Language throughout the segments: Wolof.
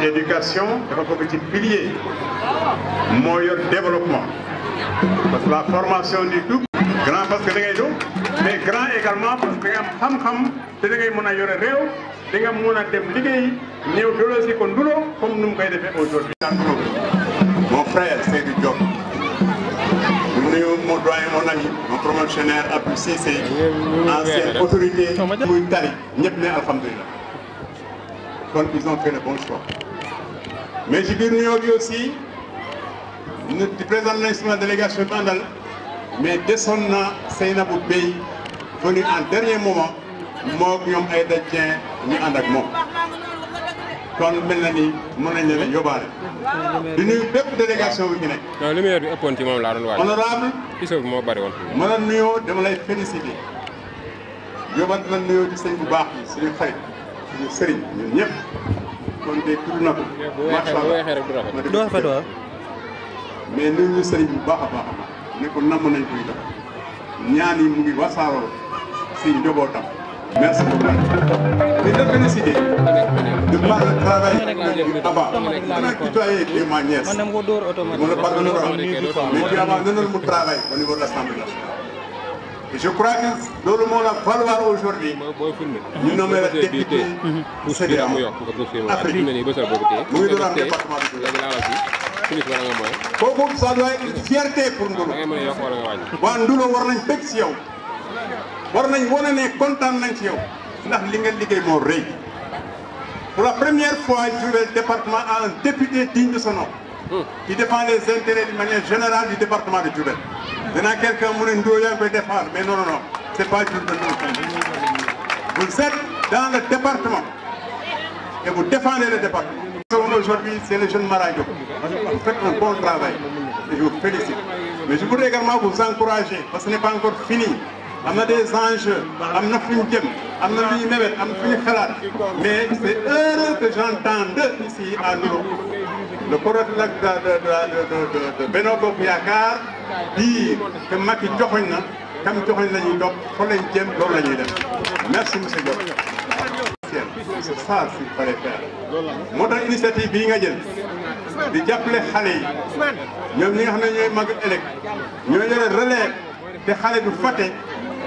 L'éducation est un petit pilier, meilleur développement. Parce que la formation du tout. di nga mun a dem liggéeyi ñëw dolosi ko ndulo comme nu mu koy defee aujourd'hui dans le mon frère Seydou Diop mu nuyu mon doyen mon ami mon promotionnaire Abdou Cissé ancienne autorité muy tari ñëpp ne alhamdulilah kon ils ont fait le bon choix mais ci biir nous, aussi nous di présentons nañ délégation bi àndal mais descendons na Seynabou Bey venu en dernier moment mook ñoom ay dajeen ñu ànd ak moom kon mel na ni mën nañ leen yóbbaale. di nuyu bépp délégation bi fi nekk. non lumière bi ëppoon ci moom laa doon waaj. honorable gisoo bi moo bari woon. mën a nuyoo dama lay félicité yóbbaat na nuyoo ci sëñ bu baax bi suñu xarit suñu sëriñ ñun ñëpp kon de tudd na ko. macha allah bu du rafet. du rafet waaw. mais nuyu ñu bu baax a a baax ne ko ñaan yi mu ngi wasaaroo si njobootam. Merci beaucoup. Je te félicite de par le travail là-bas. On a tutoyé des manières. On ne pardonnera pas. Mais tu as abandonné mon travail au niveau de l'Assemblée nationale. Et je crois que dans le monde à falloir aujourd'hui, nous nommer le député pour CDA. Afrique. Nous devons le département de kooku ça doit être une fierté pour Ndoulo. Ah, waaw Ndoulo war nañ bëgg si yow. pour la première fois le département a un député digne de son nom qui défend les intérêts de manière générale du département de Diourbel maintenant quelqu'un en a quelqu'un défendre mais non non non c'est pas du nous. vous êtes dans le département et vous défendez le département aujourd'hui c'est le jeune Mara vous faites un bon travail et je vous félicite mais je voudrais également vous encourager parce que ce n'est pas encore fini amna des anges amna fuñu fu ñu jëm am na lu ñu mébét am fuñu ñu xalaat mais c'est est heureux que j'entende ici à nous le coordonnateur de de de de Benno Bokk Yaakaar dire que Macky joxoñ na kam joxoñ la ñuy dox fa lañ jëm loolu lañuy dem merci monsieur Diop. c' est ça qu'il fallait faire moo tax initiative bii nga jël di jàppale xale yi ñoom ñi nga xam ne ñooy mag ëllëg ñoo yore relève te xale du fàtte.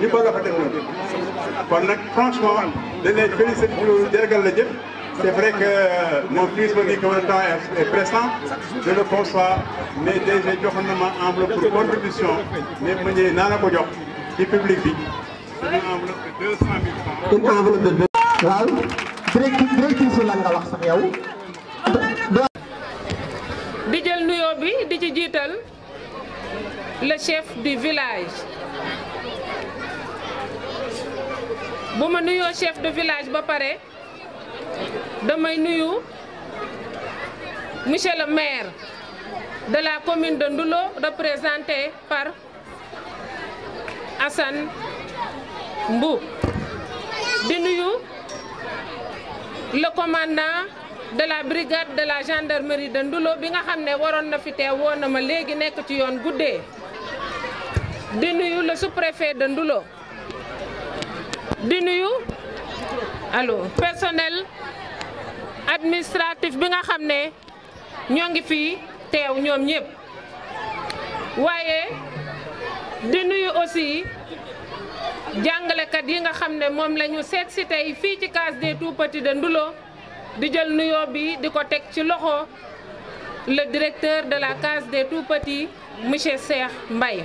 ñu bëgg a fa teg noonu kon nag franchement dañ lay félicité c'est vrai que euh, mon fils me dit que mon temps est pressant je le conçois mais déjà je na ma enveloppe pour contribution mais je ñëwee naa la ko jox ci public bi une enveloppe de 200 000 francs. une enveloppe de 200 000 francs. Très lan nga wax sax yow. di jël nuyoo bi le chef du village. bu ma nuyoo chef de village ba pare damay nuyu monsieur le maire de la commune de Ndoulo par Assane Mbou di nuyu le commandant de la brigade de la gendarmerie de Ndoulo bi nga xam ne waroon na fi teew woon na ma léegi nekk ci yoon guddee di nuyu le sous-préfet di nuyu allo personnel administratif bi nga xam ne ñoo ngi fii teew ñoom ñëpp waaye di nuyu aussi jàngalekat yi nga xam ne moom lañu seet si tey fii ci case des tout-petits de Ndoulo di jël nuyoo bi di ko teg ci loxo le directeur de la case des tout-petits monsieur Cheikh mbay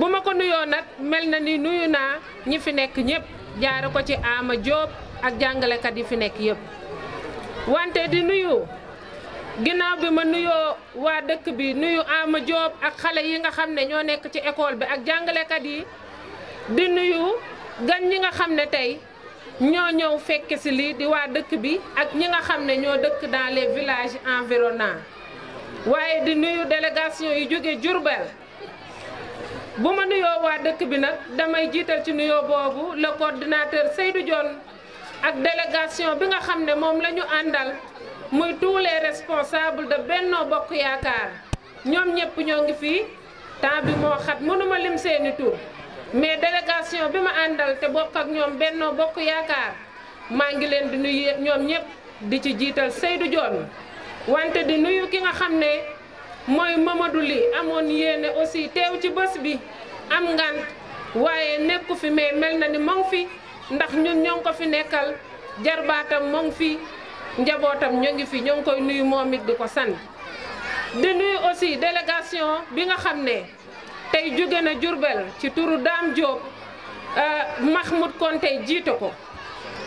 bu ma ko nuyoo nag mel na ni nuyu naa ñi fi nekk ñëpp jaare ko ci Ama Diop ak jàngalekat yi fi nekk yëpp wante di nuyu ginnaaw bi ma nuyoo waa dëkk bi nuyu Ama ak xale yi nga xam ne ñoo nekk ci école bi ak jàngalekat yi di nuyu gan ñi nga xam ne tey ñoo ñëw fekke si lii di waa dëkk bi ak ñi nga xam ne ñoo dëkk dans les villages environnants waaye di nuyu délégation yi jóge Diourbel bu ma nuyoo waa dëkk bi nag damay jiital ci nuyoo boobu le coordinateur Seydou Dione ak délégation bi nga xam ne moom la ñu àndal muy tous les responsables de Benno Bokk Yaakaar ñoom ñëpp ñoo ngi fii temps bi moo xat mënuma lim seeni tur mais délégation bi ma àndal te bokk ak ñoom Benno Bokk Yaakaar maa ngi leen di nuyu ñoom ñëpp di ci jiital Seydou Dione wante di nuyu ki nga xam ne mooy Mamadou Ly amoon yéene aussi teew ci bës bi am ngant waaye nekku fi mais mel na ni moo ngi fi ndax ñun ñoo ko fi nekkal jarbaatam moo ngi fi njabootam ñoo ngi fi ñoo koy nuyu moom it di ko sant di nuyu aussi délégation bi nga xam ne tey jóge na Jurbel ci turu Dame Diop euh, Mahmoud Konté jiite ko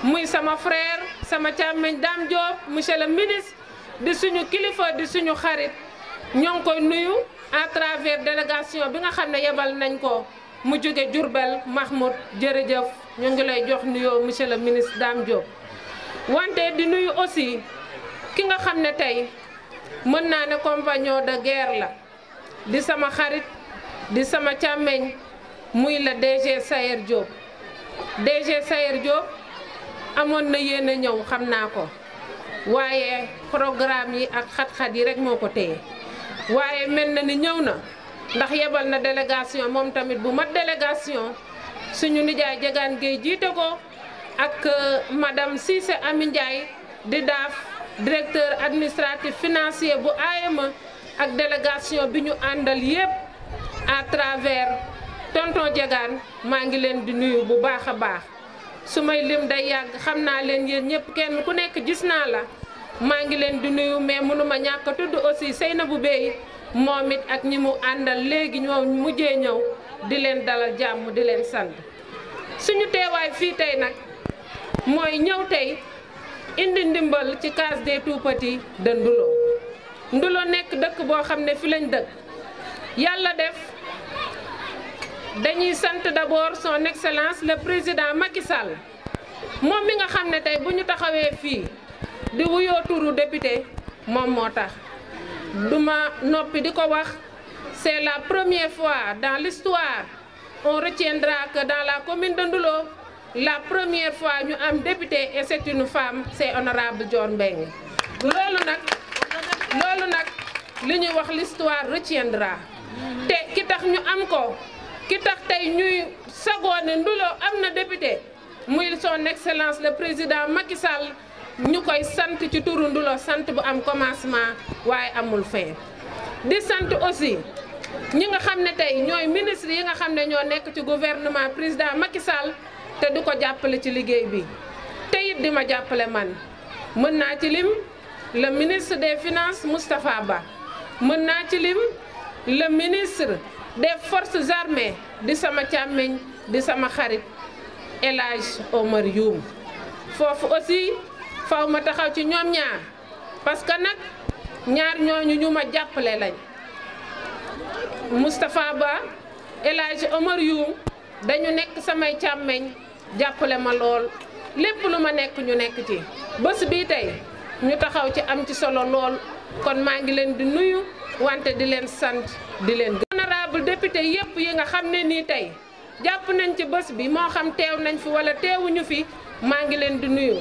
muy sama frère sama càmmiñ Dame Diop monsieur le ministre di suñu kilifa di suñu xarit ñoo koy nuyu à travers délégation bi nga xam ne yebal nañ ko mu jóge Diourbel Mahmoud jërëjëf ñoo ngi lay jox nuyoo monsieur le ministre Dame Diop. wante di nuyu aussi ki nga xam ne tey mën naa ne compagnon de guerre la di sama xarit di sama càmmeñ muy la DG Sayer Diop DG Sayer Diop amoon na yéen a ñëw xam naa ko waaye programme yi ak xat-xat yi rek moo ko téye. waaye mel na ni ñëw na ndax yebal na délégation moom tamit bu mat délégation suñu nijaay Diegane Gueye jiite ko ak euh, madam Cissé Ami Ndiaye di daaf directeur administratif financier bu AEMA e. ak délégation bi ñu àndal yépp à travers tonton Diegane maa ngi leen di nuyu bu baax a baax su may lim day yàgg xam naa leen yéen ñëpp kenn ku nekk gis naa la maa ngi leen di nuyu mais mënuma ñàkk tudd aussi bu Bey moom it ak ñi mu àndal léegi ñoo mujjee ñëw di leen dalal jàmm di leen sant suñu teewaay fii tey nag mooy ñëw tey indi ndimbal ci case des tout-petits Ndulo Ndulo nekk dëkk boo xam ne fi lañ dëkk yàlla def dañuy sant d'abord son excellence la président Macky sàll moom mi nga xam ne tey bu ñu taxawee fii vous wuyoo turu député mon motard tax duma nopi diko c'est la première fois dans l'histoire on retiendra que dans la commune de Ndoulo la première fois ñu am député et c'est une femme c'est honorable John Beng. lolu nak, lolu nak, wax l'histoire retiendra té ki tax ñu am ko ki tax tay ñuy avons Ndoulo amna député Mouille son excellence le président Macky Sall ñu koy sant ci turu sant bu am commencement waaye amul fin di sant aussi ñi nga xam ne tey ñooy ministre yi nga xam ne ñoo nekk ci gouvernement président Macky Sall te di ko jàppale ci liggéey bi te it di ma jàppale man mën naa ci lim le ministre des finances Moustapha Ba mën naa ci lim le ministre des force armées di sama càmmeñ di sama xarit El Hadj Omar Youm foofu aussi faw ma taxaw ci ñoom ñaar parce que nag ñaar ñooñu ñu ma jàppale lañ Moustapha Ba El Hadj Omar dañu nekk samay càmmeñ jàppale ma lool lépp lu ma nekk ñu nekk ci bés bii tey ñu taxaw ci am ci solo lool kon maa ngi leen di nuyu wante di leen sant di leen honorable député yépp yi nga xam ne nii tey jàpp nañ ci bés bi moo xam teew nañ fi wala teewuñu fi maa ngi leen di nuyu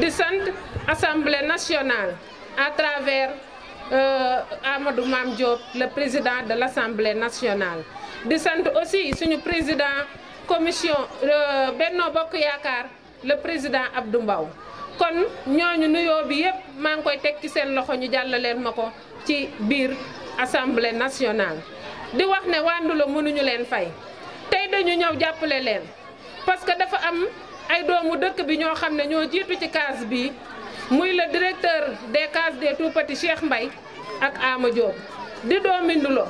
di sant assemblée nationale à travers euh, Amadou maam Diop le président de l' assemblée nationale. di sant aussi suñu président commission euh, Benno Bokk Yaakaar le président Abdou Mbaw kon ñooñu nuyoo bi yëpp maa ngi koy teg ci seen loxo ñu jàllaleen ma ko ci biir assemblée nationale di wax ne wàndu la mënuñu leen fay. dañu ñëw jàppale leen parce que dafa am ay doomu dëkk bi ñoo xam ne ñoo jiitu ci case bi muy la directeur des cases des tout petits mbay ak Ama Diop di doomi Ndulo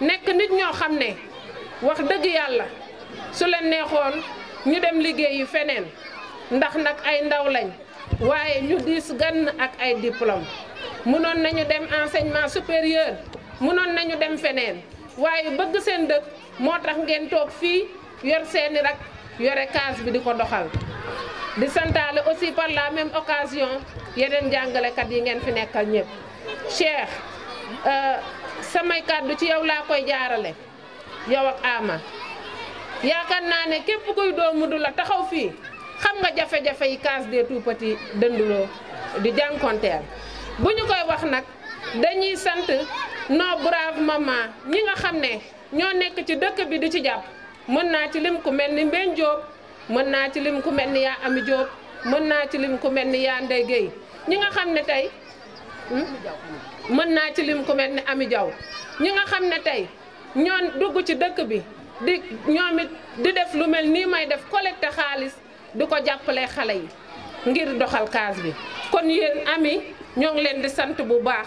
nekk nit ñoo xam ne wax dëgg yàlla su leen neexoon ñu dem liggéeyi feneen ndax nag ay ndaw lañ waaye ñu diis gann ak ay diplôme mënoon nañu dem enseignement supérieur mënoon nañu dem feneen waye bëgg seen dëkk moo tax ngeen tok fi yor seen rak yoré kaas bi di doxal di santaale aussi par la même occasion yeneen kat yi ngeen fi nekkal ñëpp Cheikh euh, samay kaddu ci yow la koy jaarale yow ak Ama yaakaar na ne kep koy doomu du la taxaw fi xam nga jafé jafé yi case des tout petit dëndulo di jànkonteel buñu koy wax nak dañuy sante non brave maman ñi nga xam ne ñoo nekk ci dëkk bi di ci jàpp mën naa ci lim ku mel ni Mbène Diop mën naa ci lim ku mel ni yaa Ami Diop mën naa ci lim ku mel ni yaa Ndeye ñi nga xam ne tey hmm? mën naa ci lim ku ni Ami Diaw ñi nga xam ne tey ñoo dugg ci dëkk bi di ñoom di def lu mel nii may def collecte xaalis di ko jàppale xale yi ngir doxal kaas bi kon yéen ami ñoo ngi leen di sant bu baax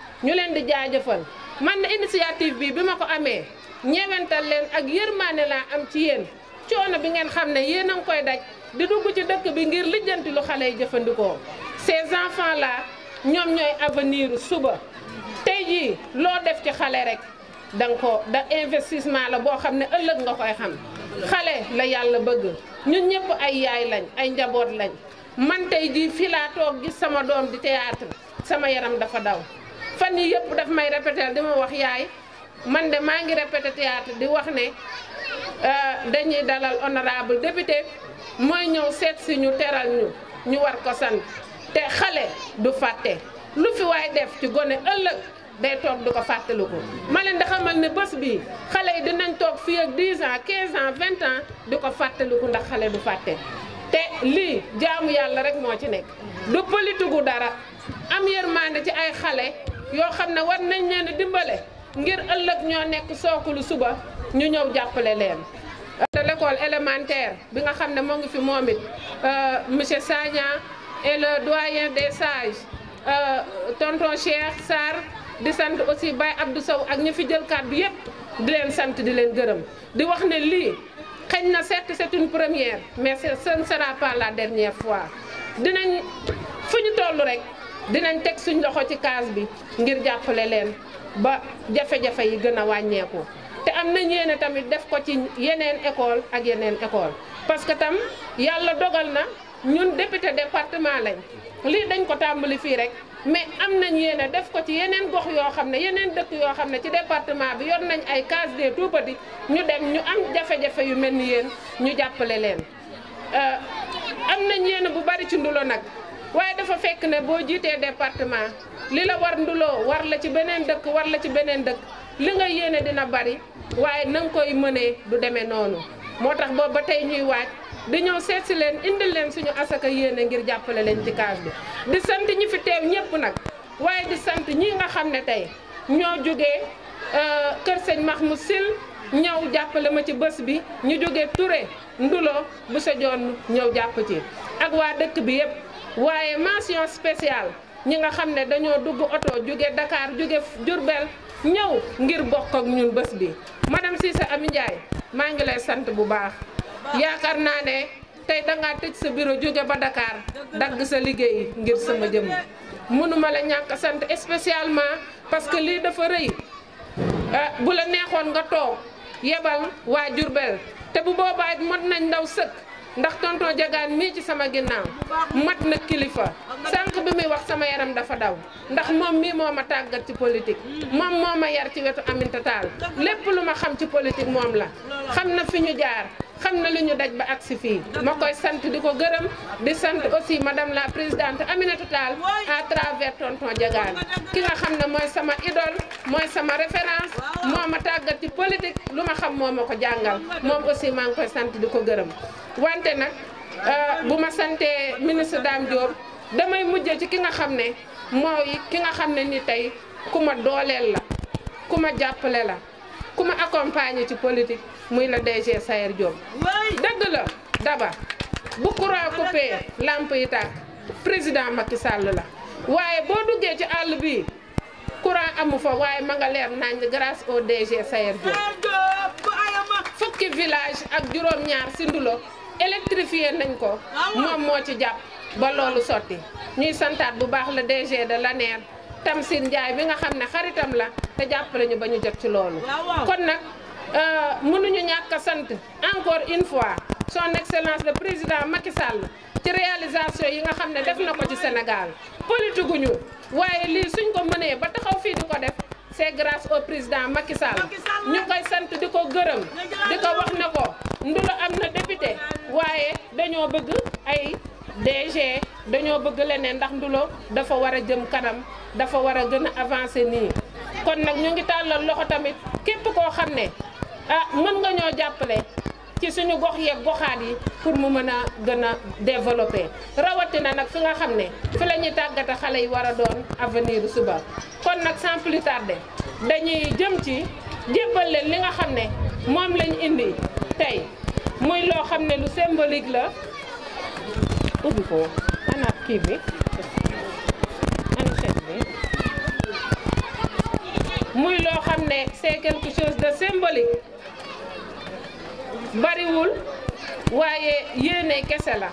ñu leen di jaajëfal man na initiative bi bi ma ko amee ñeewental leen ak yërmaane laa am ci yéen coono bi ngeen xam ne yéen a ngi koy daj di dugg ci dëkk bi ngir lijjanti lu xale yi jëfandikoo ces enfants là ñoom ñooy avenir suba tey jii loo def ci xale rek da nga ko da investissement la boo xam ne ëllëg nga koy xam xale la yàlla bëgg ñun ñëpp ay yaay lañ ay njaboot lañ man tey jii fi laa gis sama doom di théâtre sama yaram dafa daw fan yi yëpp daf may répéter di ma wax yaay man de maa ngi répéter théâtre di wax ne euh, dañuy dalal honorable député mooy ñëw seet si ñu teral ñu war ko sant te xale du fàtte lu fi waay def ci gone ëllëg day toog du ko fàttaliku ma leen di xamal ne bés bii xale yi dinañ toog fii ak 10 ans 15 ans di ko fàttaliku ndax xale du fàtte te lii jaamu yàlla rek moo ci nekk du politigu dara am yërmande ci ay xale yo xamne war nañ leen a ngir ëlëk ño nekk lu suba ñu ñëw jappalé leen. té l'école élémentaire bi nga xamne mo ngi fi momit euh monsieur Sagna et le doyen des sages euh, tonton Cheikh sar di sant aussi Baye Abdou Sow ak ñi fi jël kàddu yépp di leen sant di leen gëreum di wax né li xëñ na certes c'est une première mais ce ne sera pas la dernière fois dinañ fuñu tollu rek. dinañ teg suñ loxo ci kaas bi ngir jàppale leen ba jafe-jafe yi gën a wàññeeku te am nañ yéene tamit def ko ci yeneen école ak yeneen école parce que tam yàlla dogal na ñun député département lañ lii dañ ko tàmbali fii rek mais am nañ yéene def ko ci yeneen gox yoo xam ne yeneen dëkk yoo xam ne ci département bi yor nañ ay case des tout-petits ñu dem ñu am jafe-jafe yu mel ni yéen ñu jàppale leen euh, am nañ yéene bu bari ci ndulo nag waaye dafa fekk ne boo jiitee département li la war nduloo war la ci beneen dëkk war la ci beneen dëkk li nga yéene dina bari waaye na koy mënee du demee noonu moo tax boobu ba tey ñuy waaj di ñëw seet si leen indil leen suñu asaka yéene ngir jàppale leen ci kaas bi di sant ñi fi teew ñëpp nag waaye di sant ñii nga xam ne tey ñoo jógee euh, kër sëñ mu Sil ñëw jàppale ma ci bës bi ñu jóge ture Ndulo bu sa joon ñëw jàpp ci ak waa dëkk bi yëpp waye mention spéciale ñi nga xam dañoo dugg auto juggé Dakar juggé Diourbel ñew ngir bokk ak ñun bëss bi madame Cissé Amy Ndiaye ma ngi lay sante bu baax na né ne da nga tëj sa bureau juggé ba Dakar dag sa liggéey ngir sama jëm mënuma la ñàkk sante spécialement parce que li dafa euh bu la neexoon nga tok yebal wa Diourbel té bu ak mot nañ ndaw sëkk ndax tonton Diagane mii ci sama ginnaaw mat na kilifa sànq bi muy wax sama yaram dafa daw ndax moom mii moo ma tàggat ci politique moom moo ma yar ci wetu Aminata Tall lépp lu ma xam ci politique moom la xam na fi ñu jaar xam na lu ñu daj ba aksi fii ma koy sant di ko gërëm di sant aussi madame la présidente Aminata Tall à travers tonton Diagane ki nga xam ne mooy sama idole mooy sama référence moo ma tàggat ci politique lu ma xam moo ma ko jàngal moom aussi maa ngi koy sant di ko gërëm wante nag euh, bu ma sante ministre Dame Diop damay mujj ci ki nga xam ne mooy ki nga xam ne ni tey ku ma dooleel la ku ma jàppale la ku ma accompagner ci politique muy la DG Sayer Diop deug la daba bu courant coupé lampe yi tak président Macky Sall la waye bo duggé ci all bi courant amu fa waye ma nga lèr nañ grâce au DG Sayer Diop fukki village ak juróom-ñaar ci ndulo électrifier nañ ko ah mom mo ci japp ba lolu sotti ñuy santat bu baax la DG de l'ANER Tamsine jaay bi nga xamne xaritam la te jàppale ñu bañu jot ci lolu kon nak Euh, mënuñu ñàkk sant encore une fois son excellence le président Macky Sall ci réalisation yi nga xam ne def na ko ci Sénégal politique ñu waaye lii suñ ko mënee ba taxaw fii di ko def c'est au président Macky Sall ñu koy sant di ko gërëm di ko wax na ko ndula am na député waaye dañoo bëgg ay DG dañoo bëgg leneen ndax ndulo dafa war a jëm kanam dafa war a gën a avancer nii kon nag ñu ngi tàllal loxo tamit képp koo xam ne ah mën nga ñoo jàppale ci suñu gox yeeg goxaat yi pour mu mën a gën a développé rawatina nag fi nga xam ne fi la ñuy tàggate xale yi war a doon avenir suba kon nag sans plus tarder dañuy jëm ci jébbal leen li nga xam ne moom lañ indi tey muy loo xam ne lu symbolique la ubbi ko ana kii bi muy loo xam ne c'est quelque chose de symbolique bariwul waaye yéene kese la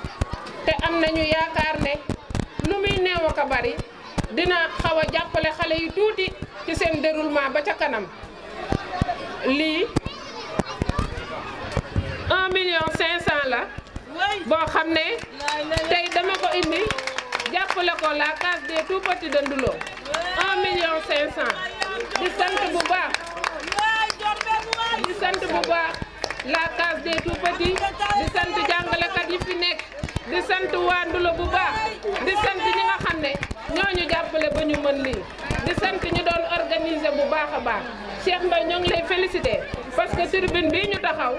te am nañu yaakar ne lu muy néew ak bari dina xawa jappale xale yu tuti ci sen déroulement ba ca kanam li 1 million 500 la bo xam tay dama ko indi jappale ko la case des tout petits de ndulo 1 million 500 di sante bu baax di sante bu baax la case des tout petits di sant kat yi fi nek di sant wandulo bu baax di sant ñi nga xamne ñoñu jappale ñu ba ñu mën li di sant ñu doon organiser bu baaxa baax Cheikh mbay ñong lay féliciter parce que tribune bi ñu taxaw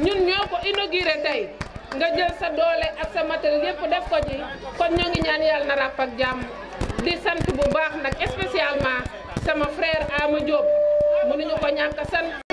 ñun ñoko inaugurer tay nga jël sa doole ak sa matériel yépp def ko ci kon ñoo ngi ñaan yalla na rap ak jamm di sant bu baax nak spécialement sama frère Ama Diop mënuñu ko ñàkk sant